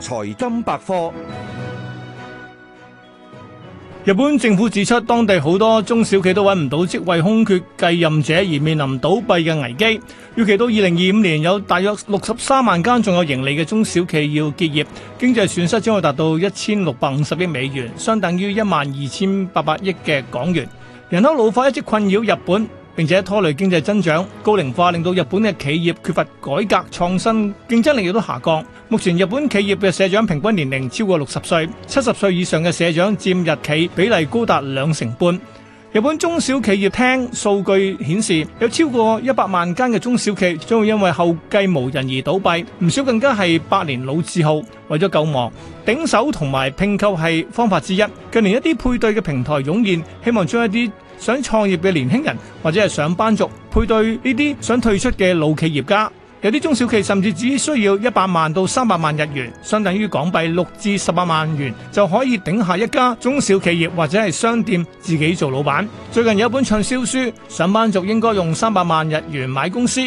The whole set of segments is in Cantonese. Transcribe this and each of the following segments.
財金百科，日本政府指出，當地好多中小企都揾唔到職位空缺繼任者而面臨倒閉嘅危機。預期到二零二五年，有大約六十三萬間仲有盈利嘅中小企要結業，經濟損失將會達到一千六百五十億美元，相等於一萬二千八百億嘅港元。人口老化一直困擾日本。並且拖累經濟增長，高齡化令到日本嘅企業缺乏改革創新，競爭力亦都下降。目前日本企業嘅社長平均年齡超過六十歲，七十歲以上嘅社長佔日企比例高達兩成半。日本中小企業廳數據顯示，有超過一百萬間嘅中小企將會因為後繼無人而倒閉，唔少更加係百年老字號，為咗救亡，頂手同埋併購係方法之一。近年一啲配對嘅平台湧現，希望將一啲想創業嘅年輕人，或者係上班族，配對呢啲想退出嘅老企業家。有啲中小企甚至只需要一百萬到三百萬日元，相等於港幣六至十八萬元，就可以頂下一家中小企業或者係商店，自己做老闆。最近有一本暢銷書《上班族應該用三百萬日元買公司》，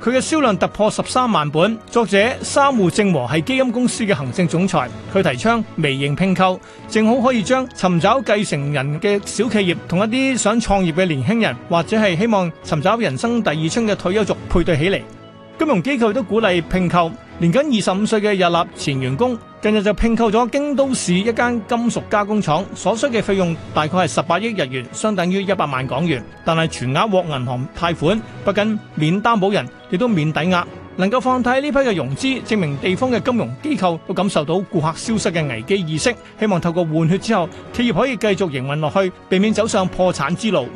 佢嘅銷量突破十三萬本。作者三戶正和係基金公司嘅行政總裁，佢提倡微型併購，正好可以將尋找繼承人嘅小企業同一啲想創業嘅年輕人或者係希望尋找人生第二春嘅退休族配對起嚟。金融機構都鼓勵併購，年僅二十五歲嘅日立前員工近日就併購咗京都市一間金屬加工廠，所需嘅費用大概係十八億日元，相等於一百萬港元。但係全額獲銀行貸款，不僅免擔保人，亦都免抵押，能夠放低呢批嘅融資，證明地方嘅金融機構都感受到顧客消失嘅危機意識，希望透過換血之後，企業可以繼續營運落去，避免走上破產之路。